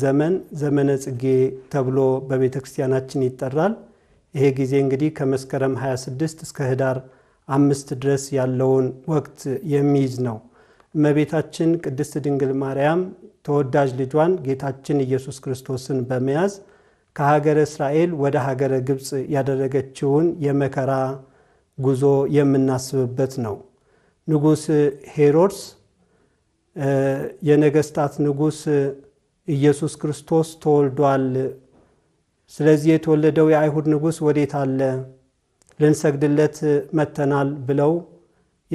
ዘመን ዘመነ ጽጌ ተብሎ በቤተ ክርስቲያናችን ይጠራል። ይሄ ጊዜ እንግዲህ ከመስከረም 26 እስከ ህዳር አምስት ድረስ ያለውን ወቅት የሚይዝ ነው። እመቤታችን ቅድስት ድንግል ማርያም ተወዳጅ ልጇን ጌታችን ኢየሱስ ክርስቶስን በመያዝ ከሀገረ እስራኤል ወደ ሀገረ ግብፅ ያደረገችውን የመከራ ጉዞ የምናስብበት ነው። ንጉሥ ሄሮድስ የነገስታት ንጉሥ ኢየሱስ ክርስቶስ ተወልዷል። ስለዚህ የተወለደው የአይሁድ ንጉሥ ወዴት አለ? ልንሰግድለት መጥተናል ብለው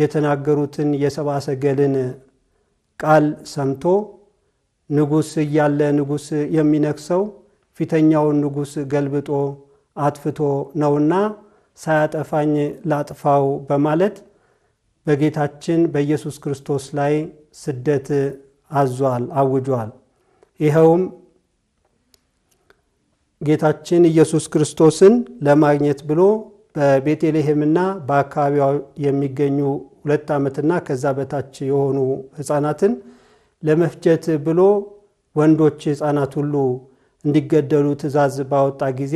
የተናገሩትን የሰብአ ሰገልን ቃል ሰምቶ ንጉሥ እያለ ንጉሥ የሚነክሰው ፊተኛውን ንጉሥ ገልብጦ አጥፍቶ ነውና ሳያጠፋኝ ላጥፋው በማለት በጌታችን በኢየሱስ ክርስቶስ ላይ ስደት አዟል፣ አውጇል። ይኸውም ጌታችን ኢየሱስ ክርስቶስን ለማግኘት ብሎ በቤተልሔምና በአካባቢዋ የሚገኙ ሁለት ዓመትና ከዛ በታች የሆኑ ሕፃናትን ለመፍጀት ብሎ ወንዶች ሕፃናት ሁሉ እንዲገደሉ ትእዛዝ ባወጣ ጊዜ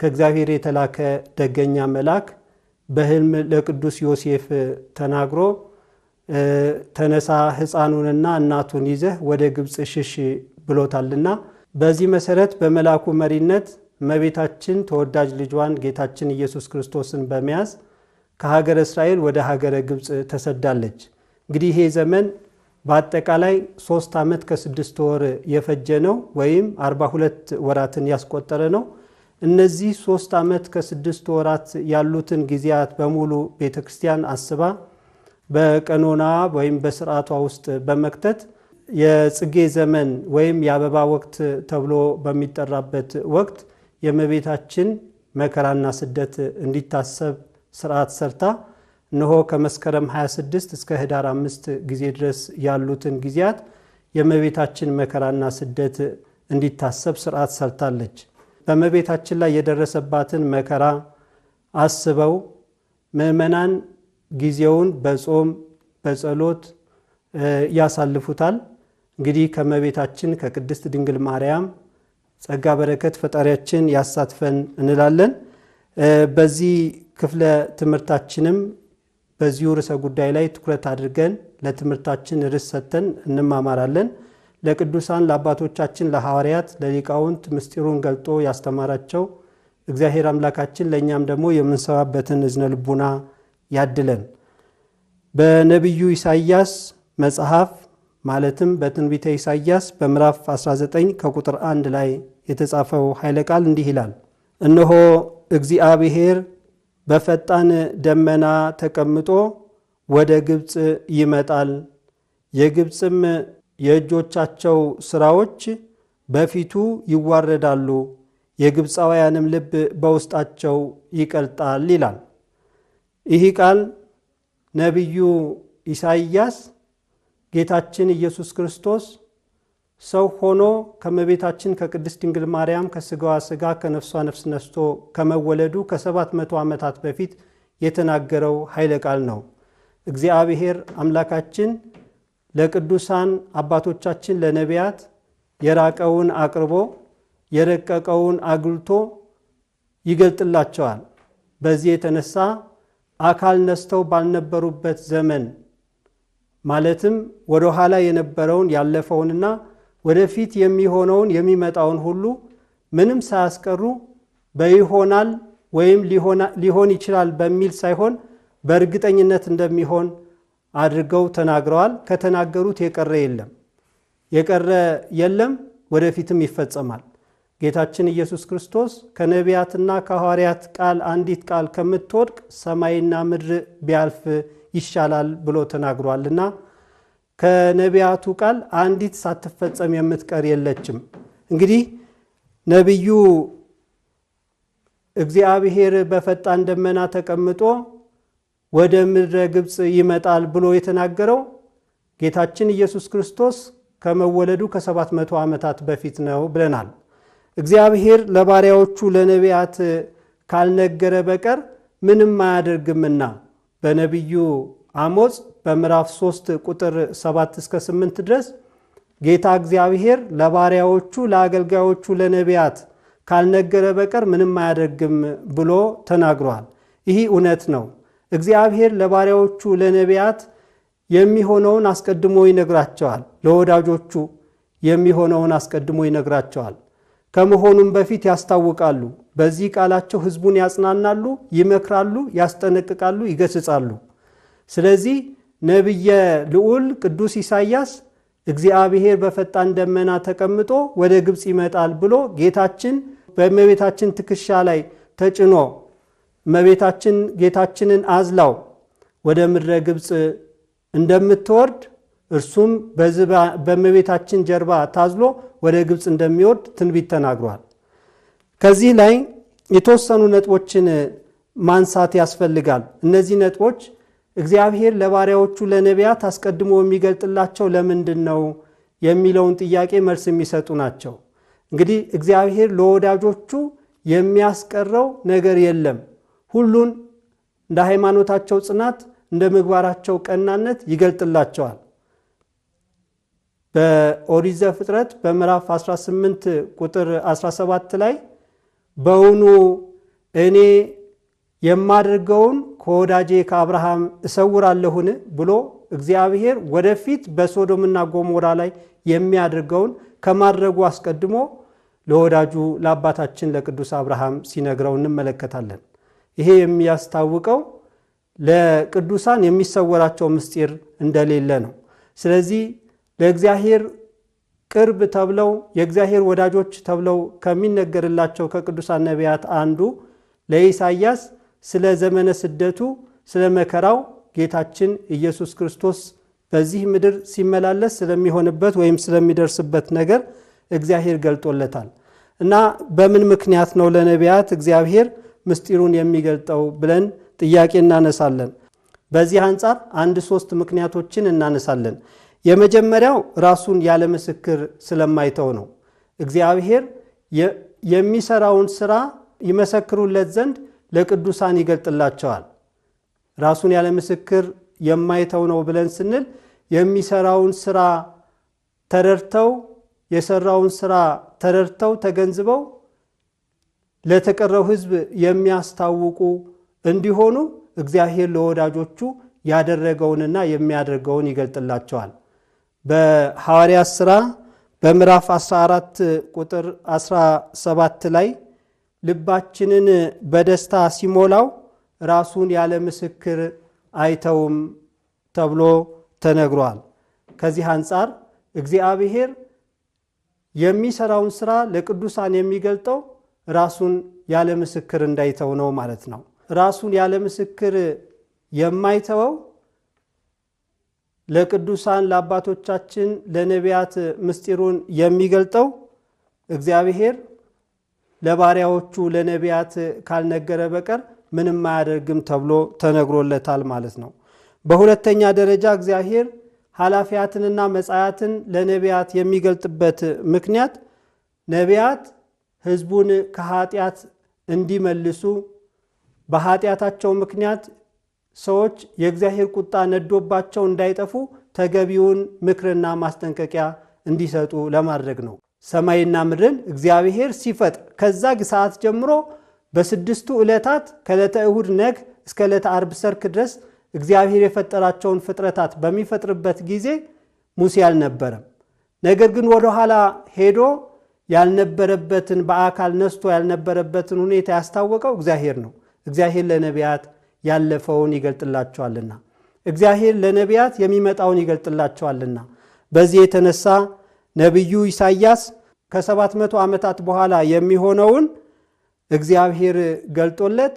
ከእግዚአብሔር የተላከ ደገኛ መልአክ በሕልም ለቅዱስ ዮሴፍ ተናግሮ ተነሳ፣ ሕፃኑንና እናቱን ይዘህ ወደ ግብፅ ሽሽ ብሎታልና በዚህ መሰረት በመልአኩ መሪነት እመቤታችን ተወዳጅ ልጇን ጌታችን ኢየሱስ ክርስቶስን በመያዝ ከሀገረ እስራኤል ወደ ሀገረ ግብፅ ተሰዳለች። እንግዲህ ይሄ ዘመን በአጠቃላይ ሶስት ዓመት ከስድስት ወር የፈጀ ነው፣ ወይም 42 ወራትን ያስቆጠረ ነው። እነዚህ ሶስት ዓመት ከስድስት ወራት ያሉትን ጊዜያት በሙሉ ቤተ ክርስቲያን አስባ በቀኖና ወይም በስርዓቷ ውስጥ በመክተት የጽጌ ዘመን ወይም የአበባ ወቅት ተብሎ በሚጠራበት ወቅት የእመቤታችን መከራና ስደት እንዲታሰብ ስርዓት ሰርታ እነሆ ከመስከረም 26 እስከ ህዳር አምስት ጊዜ ድረስ ያሉትን ጊዜያት የእመቤታችን መከራና ስደት እንዲታሰብ ስርዓት ሰርታለች። በእመቤታችን ላይ የደረሰባትን መከራ አስበው ምእመናን ጊዜውን በጾም በጸሎት ያሳልፉታል። እንግዲህ ከእመቤታችን ከቅድስት ድንግል ማርያም ጸጋ በረከት ፈጣሪያችን ያሳትፈን እንላለን። በዚህ ክፍለ ትምህርታችንም በዚሁ ርዕሰ ጉዳይ ላይ ትኩረት አድርገን ለትምህርታችን ርዕስ ሰጥተን እንማማራለን። ለቅዱሳን ለአባቶቻችን፣ ለሐዋርያት፣ ለሊቃውንት ምስጢሩን ገልጦ ያስተማራቸው እግዚአብሔር አምላካችን ለእኛም ደግሞ የምንሰባበትን እዝነ ልቡና ያድለን። በነቢዩ ኢሳይያስ መጽሐፍ ማለትም በትንቢተ ኢሳይያስ በምዕራፍ 19 ከቁጥር 1 ላይ የተጻፈው ኃይለ ቃል እንዲህ ይላል፣ እነሆ እግዚአብሔር በፈጣን ደመና ተቀምጦ ወደ ግብፅ ይመጣል፣ የግብፅም የእጆቻቸው ሥራዎች በፊቱ ይዋረዳሉ፣ የግብፃውያንም ልብ በውስጣቸው ይቀልጣል ይላል። ይህ ቃል ነቢዩ ኢሳይያስ ጌታችን ኢየሱስ ክርስቶስ ሰው ሆኖ ከመቤታችን ከቅድስት ድንግል ማርያም ከስጋዋ ስጋ ከነፍሷ ነፍስ ነስቶ ከመወለዱ ከሰባት መቶ ዓመታት በፊት የተናገረው ኃይለ ቃል ነው። እግዚአብሔር አምላካችን ለቅዱሳን አባቶቻችን ለነቢያት የራቀውን አቅርቦ የረቀቀውን አግልቶ ይገልጥላቸዋል። በዚህ የተነሳ አካል ነስተው ባልነበሩበት ዘመን ማለትም ወደ ኋላ የነበረውን ያለፈውንና ወደፊት የሚሆነውን የሚመጣውን ሁሉ ምንም ሳያስቀሩ በይሆናል ወይም ሊሆን ይችላል በሚል ሳይሆን በእርግጠኝነት እንደሚሆን አድርገው ተናግረዋል። ከተናገሩት የቀረ የለም የቀረ የለም፣ ወደፊትም ይፈጸማል። ጌታችን ኢየሱስ ክርስቶስ ከነቢያትና ከሐዋርያት ቃል አንዲት ቃል ከምትወድቅ ሰማይና ምድር ቢያልፍ ይሻላል ብሎ ተናግሯልና ከነቢያቱ ቃል አንዲት ሳትፈጸም የምትቀር የለችም። እንግዲህ ነቢዩ እግዚአብሔር በፈጣን ደመና ተቀምጦ ወደ ምድረ ግብፅ ይመጣል ብሎ የተናገረው ጌታችን ኢየሱስ ክርስቶስ ከመወለዱ ከሰባት መቶ ዓመታት በፊት ነው ብለናል። እግዚአብሔር ለባሪያዎቹ ለነቢያት ካልነገረ በቀር ምንም አያደርግምና በነቢዩ አሞጽ በምዕራፍ 3 ቁጥር 7 እስከ 8 ድረስ ጌታ እግዚአብሔር ለባሪያዎቹ ለአገልጋዮቹ ለነቢያት ካልነገረ በቀር ምንም አያደርግም ብሎ ተናግሯል። ይህ እውነት ነው። እግዚአብሔር ለባሪያዎቹ ለነቢያት የሚሆነውን አስቀድሞ ይነግራቸዋል። ለወዳጆቹ የሚሆነውን አስቀድሞ ይነግራቸዋል። ከመሆኑም በፊት ያስታውቃሉ። በዚህ ቃላቸው ህዝቡን ያጽናናሉ፣ ይመክራሉ፣ ያስጠነቅቃሉ፣ ይገስጻሉ። ስለዚህ ነቢየ ልዑል ቅዱስ ኢሳይያስ እግዚአብሔር በፈጣን ደመና ተቀምጦ ወደ ግብፅ ይመጣል ብሎ ጌታችን በእመቤታችን ትከሻ ላይ ተጭኖ እመቤታችን ጌታችንን አዝላው ወደ ምድረ ግብፅ እንደምትወርድ እርሱም በእመቤታችን ጀርባ ታዝሎ ወደ ግብፅ እንደሚወርድ ትንቢት ተናግሯል። ከዚህ ላይ የተወሰኑ ነጥቦችን ማንሳት ያስፈልጋል። እነዚህ ነጥቦች እግዚአብሔር ለባሪያዎቹ ለነቢያት አስቀድሞ የሚገልጥላቸው ለምንድን ነው የሚለውን ጥያቄ መልስ የሚሰጡ ናቸው። እንግዲህ እግዚአብሔር ለወዳጆቹ የሚያስቀረው ነገር የለም። ሁሉን እንደ ሃይማኖታቸው ጽናት፣ እንደ ምግባራቸው ቀናነት ይገልጥላቸዋል። በኦሪት ዘፍጥረት በምዕራፍ 18 ቁጥር 17 ላይ በውኑ እኔ የማደርገውን ከወዳጄ ከአብርሃም እሰውራለሁን ብሎ እግዚአብሔር ወደፊት በሶዶምና ጎሞራ ላይ የሚያደርገውን ከማድረጉ አስቀድሞ ለወዳጁ ለአባታችን ለቅዱስ አብርሃም ሲነግረው እንመለከታለን። ይሄ የሚያስታውቀው ለቅዱሳን የሚሰወራቸው ምስጢር እንደሌለ ነው። ስለዚህ ለእግዚአብሔር ቅርብ ተብለው የእግዚአብሔር ወዳጆች ተብለው ከሚነገርላቸው ከቅዱሳን ነቢያት አንዱ ለኢሳይያስ ስለ ዘመነ ስደቱ ስለ መከራው ጌታችን ኢየሱስ ክርስቶስ በዚህ ምድር ሲመላለስ ስለሚሆንበት ወይም ስለሚደርስበት ነገር እግዚአብሔር ገልጦለታል እና በምን ምክንያት ነው ለነቢያት እግዚአብሔር ምስጢሩን የሚገልጠው ብለን ጥያቄ እናነሳለን። በዚህ አንጻር አንድ ሶስት ምክንያቶችን እናነሳለን። የመጀመሪያው ራሱን ያለ ምስክር ስለማይተው ነው። እግዚአብሔር የሚሰራውን ስራ ይመሰክሩለት ዘንድ ለቅዱሳን ይገልጥላቸዋል። ራሱን ያለ ምስክር የማይተው ነው ብለን ስንል የሚሰራውን ስራ ተረድተው የሰራውን ስራ ተረድተው ተገንዝበው ለተቀረው ሕዝብ የሚያስታውቁ እንዲሆኑ እግዚአብሔር ለወዳጆቹ ያደረገውንና የሚያደርገውን ይገልጥላቸዋል። በሐዋርያት ሥራ በምዕራፍ 14 ቁጥር 17 ላይ ልባችንን በደስታ ሲሞላው ራሱን ያለ ምስክር አይተውም ተብሎ ተነግሯል። ከዚህ አንጻር እግዚአብሔር የሚሰራውን ሥራ ለቅዱሳን የሚገልጠው ራሱን ያለ ምስክር እንዳይተው ነው ማለት ነው። ራሱን ያለ ምስክር የማይተወው ለቅዱሳን ለአባቶቻችን ለነቢያት ምስጢሩን የሚገልጠው እግዚአብሔር ለባሪያዎቹ ለነቢያት ካልነገረ በቀር ምንም አያደርግም ተብሎ ተነግሮለታል ማለት ነው። በሁለተኛ ደረጃ እግዚአብሔር ኃላፊያትንና መጻያትን ለነቢያት የሚገልጥበት ምክንያት ነቢያት ሕዝቡን ከኃጢአት እንዲመልሱ በኃጢአታቸው ምክንያት ሰዎች የእግዚአብሔር ቁጣ ነዶባቸው እንዳይጠፉ ተገቢውን ምክርና ማስጠንቀቂያ እንዲሰጡ ለማድረግ ነው። ሰማይና ምድርን እግዚአብሔር ሲፈጥር ከዛ ሰዓት ጀምሮ በስድስቱ ዕለታት ከዕለተ እሁድ ነግ እስከ ዕለተ አርብ ሰርክ ድረስ እግዚአብሔር የፈጠራቸውን ፍጥረታት በሚፈጥርበት ጊዜ ሙሴ አልነበረም። ነገር ግን ወደኋላ ሄዶ ያልነበረበትን በአካል ነስቶ ያልነበረበትን ሁኔታ ያስታወቀው እግዚአብሔር ነው። እግዚአብሔር ለነቢያት ያለፈውን ይገልጥላቸዋልና እግዚአብሔር ለነቢያት የሚመጣውን ይገልጥላቸዋልና በዚህ የተነሳ ነቢዩ ኢሳይያስ ከሰባት መቶ ዓመታት በኋላ የሚሆነውን እግዚአብሔር ገልጦለት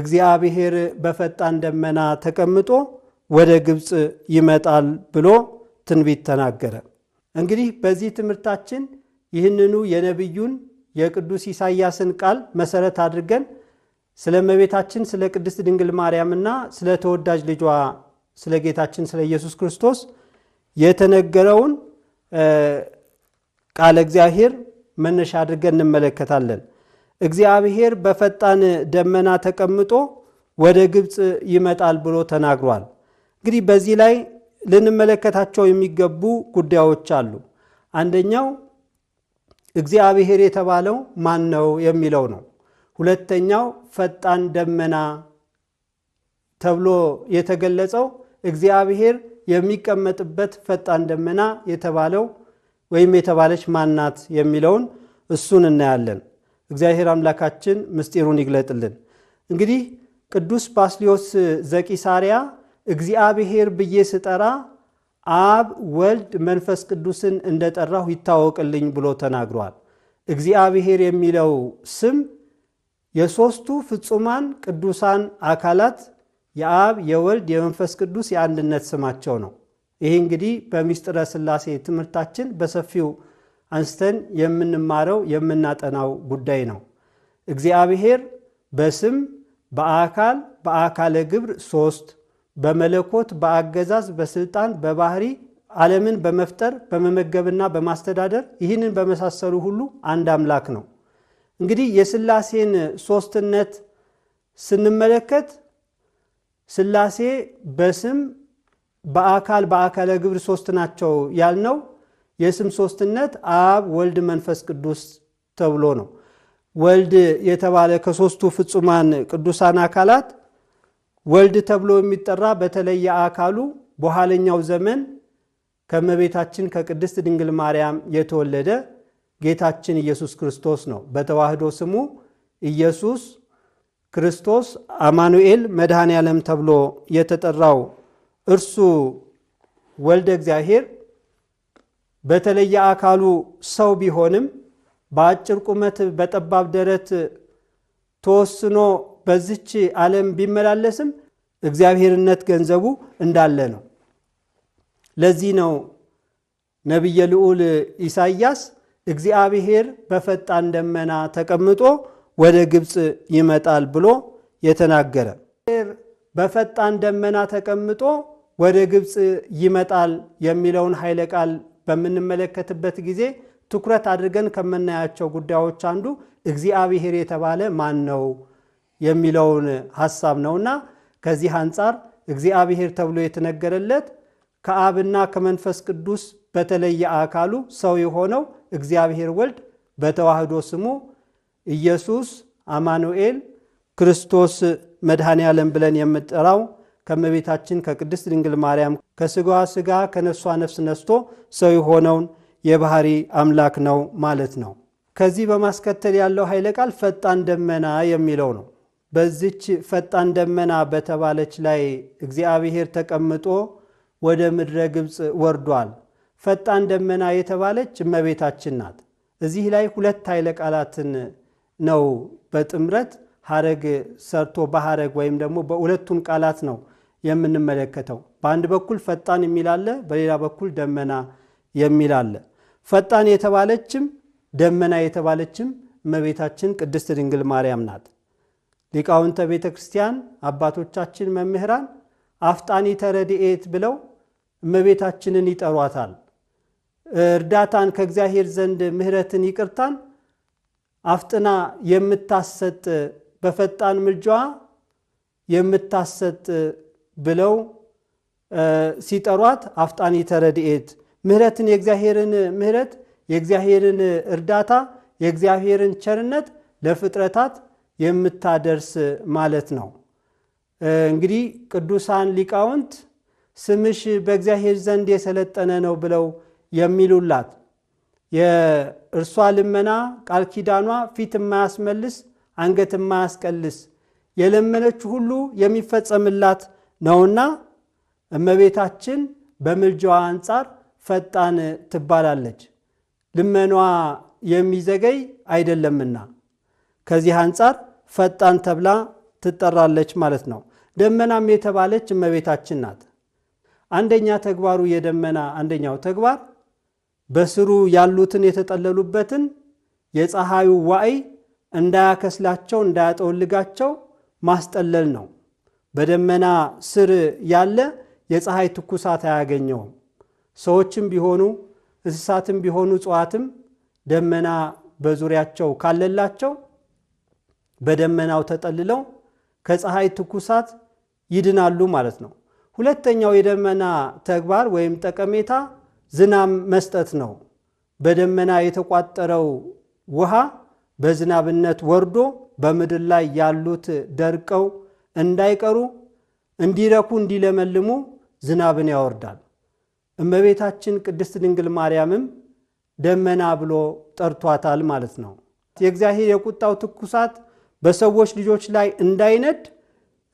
እግዚአብሔር በፈጣን ደመና ተቀምጦ ወደ ግብፅ ይመጣል ብሎ ትንቢት ተናገረ። እንግዲህ በዚህ ትምህርታችን ይህንኑ የነቢዩን የቅዱስ ኢሳይያስን ቃል መሰረት አድርገን ስለ እመቤታችን ስለ ቅድስት ድንግል ማርያምና ስለ ተወዳጅ ልጇ ስለ ጌታችን ስለ ኢየሱስ ክርስቶስ የተነገረውን ቃለ እግዚአብሔር መነሻ አድርገን እንመለከታለን። እግዚአብሔር በፈጣን ደመና ተቀምጦ ወደ ግብፅ ይመጣል ብሎ ተናግሯል። እንግዲህ በዚህ ላይ ልንመለከታቸው የሚገቡ ጉዳዮች አሉ። አንደኛው እግዚአብሔር የተባለው ማን ነው የሚለው ነው። ሁለተኛው ፈጣን ደመና ተብሎ የተገለጸው እግዚአብሔር የሚቀመጥበት ፈጣን ደመና የተባለው ወይም የተባለች ማናት የሚለውን እሱን እናያለን። እግዚአብሔር አምላካችን ምስጢሩን ይግለጥልን። እንግዲህ ቅዱስ ባስሊዮስ ዘቂሳሪያ እግዚአብሔር ብዬ ስጠራ አብ ወልድ መንፈስ ቅዱስን እንደጠራሁ ይታወቅልኝ ብሎ ተናግሯል። እግዚአብሔር የሚለው ስም የሦስቱ ፍጹማን ቅዱሳን አካላት የአብ የወልድ የመንፈስ ቅዱስ የአንድነት ስማቸው ነው። ይህ እንግዲህ በሚስጥረ ሥላሴ ትምህርታችን በሰፊው አንስተን የምንማረው የምናጠናው ጉዳይ ነው። እግዚአብሔር በስም በአካል በአካለ ግብር ሦስት፣ በመለኮት በአገዛዝ በስልጣን በባህሪ ዓለምን በመፍጠር በመመገብና በማስተዳደር ይህንን በመሳሰሉ ሁሉ አንድ አምላክ ነው። እንግዲህ የስላሴን ሶስትነት ስንመለከት ስላሴ በስም በአካል በአካለ ግብር ሶስት ናቸው ያልነው የስም ሶስትነት አብ፣ ወልድ፣ መንፈስ ቅዱስ ተብሎ ነው። ወልድ የተባለ ከሶስቱ ፍጹማን ቅዱሳን አካላት ወልድ ተብሎ የሚጠራ በተለየ አካሉ በኋለኛው ዘመን ከመቤታችን ከቅድስት ድንግል ማርያም የተወለደ ጌታችን ኢየሱስ ክርስቶስ ነው። በተዋህዶ ስሙ ኢየሱስ ክርስቶስ አማኑኤል መድኃኔ ዓለም ተብሎ የተጠራው እርሱ ወልደ እግዚአብሔር በተለየ አካሉ ሰው ቢሆንም በአጭር ቁመት በጠባብ ደረት ተወስኖ በዚች ዓለም ቢመላለስም እግዚአብሔርነት ገንዘቡ እንዳለ ነው። ለዚህ ነው ነቢየ ልዑል ኢሳይያስ እግዚአብሔር በፈጣን ደመና ተቀምጦ ወደ ግብፅ ይመጣል ብሎ የተናገረ በፈጣን ደመና ተቀምጦ ወደ ግብፅ ይመጣል የሚለውን ኃይለ ቃል በምንመለከትበት ጊዜ ትኩረት አድርገን ከምናያቸው ጉዳዮች አንዱ እግዚአብሔር የተባለ ማን ነው የሚለውን ሐሳብ ነውና ከዚህ አንጻር እግዚአብሔር ተብሎ የተነገረለት ከአብና ከመንፈስ ቅዱስ በተለየ አካሉ ሰው የሆነው እግዚአብሔር ወልድ በተዋህዶ ስሙ ኢየሱስ አማኑኤል ክርስቶስ መድኃኔ ዓለም ብለን የምጠራው ከእመቤታችን ከቅድስት ድንግል ማርያም ከስጋዋ ስጋ ከነሷ ነፍስ ነስቶ ሰው የሆነውን የባህሪ አምላክ ነው ማለት ነው። ከዚህ በማስከተል ያለው ኃይለ ቃል ፈጣን ደመና የሚለው ነው። በዚች ፈጣን ደመና በተባለች ላይ እግዚአብሔር ተቀምጦ ወደ ምድረ ግብፅ ወርዷል። ፈጣን ደመና የተባለች እመቤታችን ናት። እዚህ ላይ ሁለት ኃይለ ቃላትን ነው በጥምረት ሀረግ ሰርቶ በሀረግ ወይም ደግሞ በሁለቱም ቃላት ነው የምንመለከተው። በአንድ በኩል ፈጣን የሚላለ፣ በሌላ በኩል ደመና የሚል አለ። ፈጣን የተባለችም ደመና የተባለችም እመቤታችን ቅድስት ድንግል ማርያም ናት። ሊቃውንተ ቤተ ክርስቲያን አባቶቻችን መምህራን አፍጣኒተ ረድኤት ብለው እመቤታችንን ይጠሯታል። እርዳታን ከእግዚአብሔር ዘንድ ምሕረትን ይቅርታን አፍጥና የምታሰጥ በፈጣን ምልጃዋ የምታሰጥ ብለው ሲጠሯት አፍጣን ተረድኤት ምሕረትን የእግዚአብሔርን ምሕረት የእግዚአብሔርን እርዳታ የእግዚአብሔርን ቸርነት ለፍጥረታት የምታደርስ ማለት ነው። እንግዲህ ቅዱሳን ሊቃውንት ስምሽ በእግዚአብሔር ዘንድ የሰለጠነ ነው ብለው የሚሉላት የእርሷ ልመና ቃል ኪዳኗ ፊት የማያስመልስ አንገት የማያስቀልስ የለመነች ሁሉ የሚፈጸምላት ነውና እመቤታችን በምልጃዋ አንጻር ፈጣን ትባላለች። ልመኗ የሚዘገይ አይደለምና ከዚህ አንጻር ፈጣን ተብላ ትጠራለች ማለት ነው። ደመናም የተባለች እመቤታችን ናት። አንደኛ ተግባሩ የደመና አንደኛው ተግባር በስሩ ያሉትን የተጠለሉበትን የፀሐዩ ዋይ እንዳያከስላቸው እንዳያጠወልጋቸው ማስጠለል ነው። በደመና ስር ያለ የፀሐይ ትኩሳት አያገኘውም። ሰዎችም ቢሆኑ እንስሳትም ቢሆኑ እጽዋትም ደመና በዙሪያቸው ካለላቸው በደመናው ተጠልለው ከፀሐይ ትኩሳት ይድናሉ ማለት ነው። ሁለተኛው የደመና ተግባር ወይም ጠቀሜታ ዝናብ መስጠት ነው። በደመና የተቋጠረው ውሃ በዝናብነት ወርዶ በምድር ላይ ያሉት ደርቀው እንዳይቀሩ እንዲረኩ እንዲለመልሙ ዝናብን ያወርዳል። እመቤታችን ቅድስት ድንግል ማርያምም ደመና ብሎ ጠርቷታል ማለት ነው። የእግዚአብሔር የቁጣው ትኩሳት በሰዎች ልጆች ላይ እንዳይነድ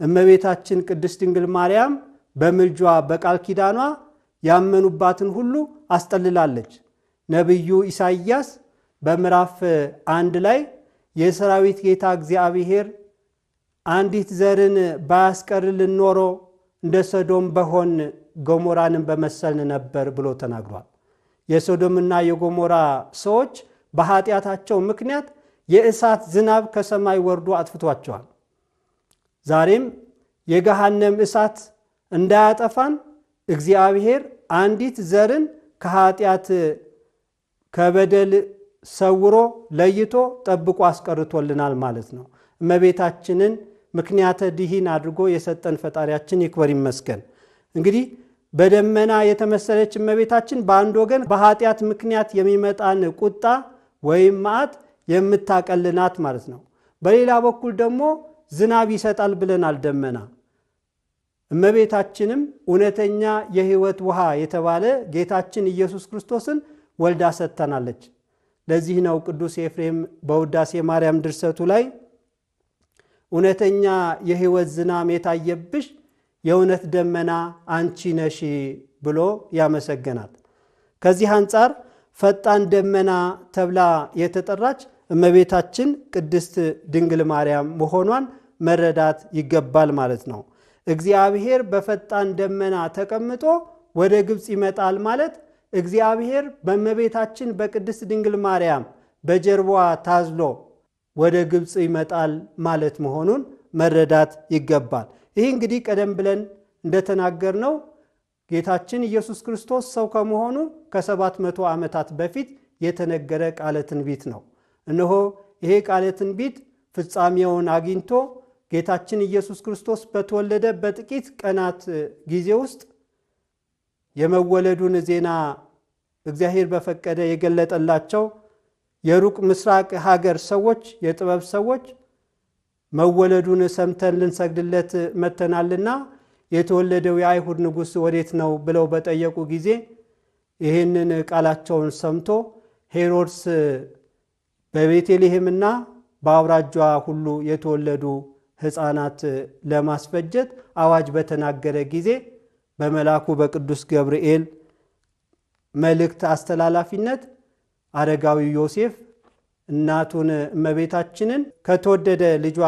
እመቤታችን ቅድስት ድንግል ማርያም በምልጇ በቃል ኪዳኗ ያመኑባትን ሁሉ አስጠልላለች። ነቢዩ ኢሳይያስ በምዕራፍ አንድ ላይ የሰራዊት ጌታ እግዚአብሔር አንዲት ዘርን ባያስቀርልን ኖሮ እንደ ሰዶም በሆን ገሞራንን በመሰልን ነበር ብሎ ተናግሯል። የሶዶምና የጎሞራ ሰዎች በኃጢአታቸው ምክንያት የእሳት ዝናብ ከሰማይ ወርዶ አጥፍቷቸዋል። ዛሬም የገሃነም እሳት እንዳያጠፋን እግዚአብሔር አንዲት ዘርን ከኃጢአት ከበደል ሰውሮ ለይቶ ጠብቆ አስቀርቶልናል ማለት ነው። እመቤታችንን ምክንያተ ድሂን አድርጎ የሰጠን ፈጣሪያችን ይክበር ይመስገን። እንግዲህ በደመና የተመሰለች እመቤታችን በአንድ ወገን በኃጢአት ምክንያት የሚመጣን ቁጣ ወይም መዓት የምታቀልናት ማለት ነው። በሌላ በኩል ደግሞ ዝናብ ይሰጣል ብለናል ደመና እመቤታችንም እውነተኛ የሕይወት ውሃ የተባለ ጌታችን ኢየሱስ ክርስቶስን ወልዳ ሰጥተናለች። ለዚህ ነው ቅዱስ ኤፍሬም በውዳሴ ማርያም ድርሰቱ ላይ እውነተኛ የሕይወት ዝናም የታየብሽ የእውነት ደመና አንቺ ነሽ ብሎ ያመሰገናት። ከዚህ አንጻር ፈጣን ደመና ተብላ የተጠራች እመቤታችን ቅድስት ድንግል ማርያም መሆኗን መረዳት ይገባል ማለት ነው። እግዚአብሔር በፈጣን ደመና ተቀምጦ ወደ ግብፅ ይመጣል ማለት እግዚአብሔር በእመቤታችን በቅድስት ድንግል ማርያም በጀርባዋ ታዝሎ ወደ ግብፅ ይመጣል ማለት መሆኑን መረዳት ይገባል። ይህ እንግዲህ ቀደም ብለን እንደተናገርነው ጌታችን ኢየሱስ ክርስቶስ ሰው ከመሆኑ ከሰባት መቶ ዓመታት በፊት የተነገረ ቃለ ትንቢት ነው። እነሆ ይሄ ቃለ ትንቢት ፍጻሜውን አግኝቶ ጌታችን ኢየሱስ ክርስቶስ በተወለደ በጥቂት ቀናት ጊዜ ውስጥ የመወለዱን ዜና እግዚአብሔር በፈቀደ የገለጠላቸው የሩቅ ምስራቅ ሀገር ሰዎች፣ የጥበብ ሰዎች መወለዱን ሰምተን ልንሰግድለት መተናልና የተወለደው የአይሁድ ንጉሥ ወዴት ነው ብለው በጠየቁ ጊዜ ይህንን ቃላቸውን ሰምቶ ሄሮድስ በቤተልሔምና በአውራጇ ሁሉ የተወለዱ ሕፃናት ለማስፈጀት አዋጅ በተናገረ ጊዜ በመልአኩ በቅዱስ ገብርኤል መልእክት አስተላላፊነት አረጋዊ ዮሴፍ እናቱን እመቤታችንን ከተወደደ ልጇ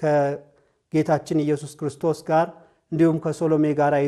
ከጌታችን ኢየሱስ ክርስቶስ ጋር እንዲሁም ከሶሎሜ ጋር ይዞ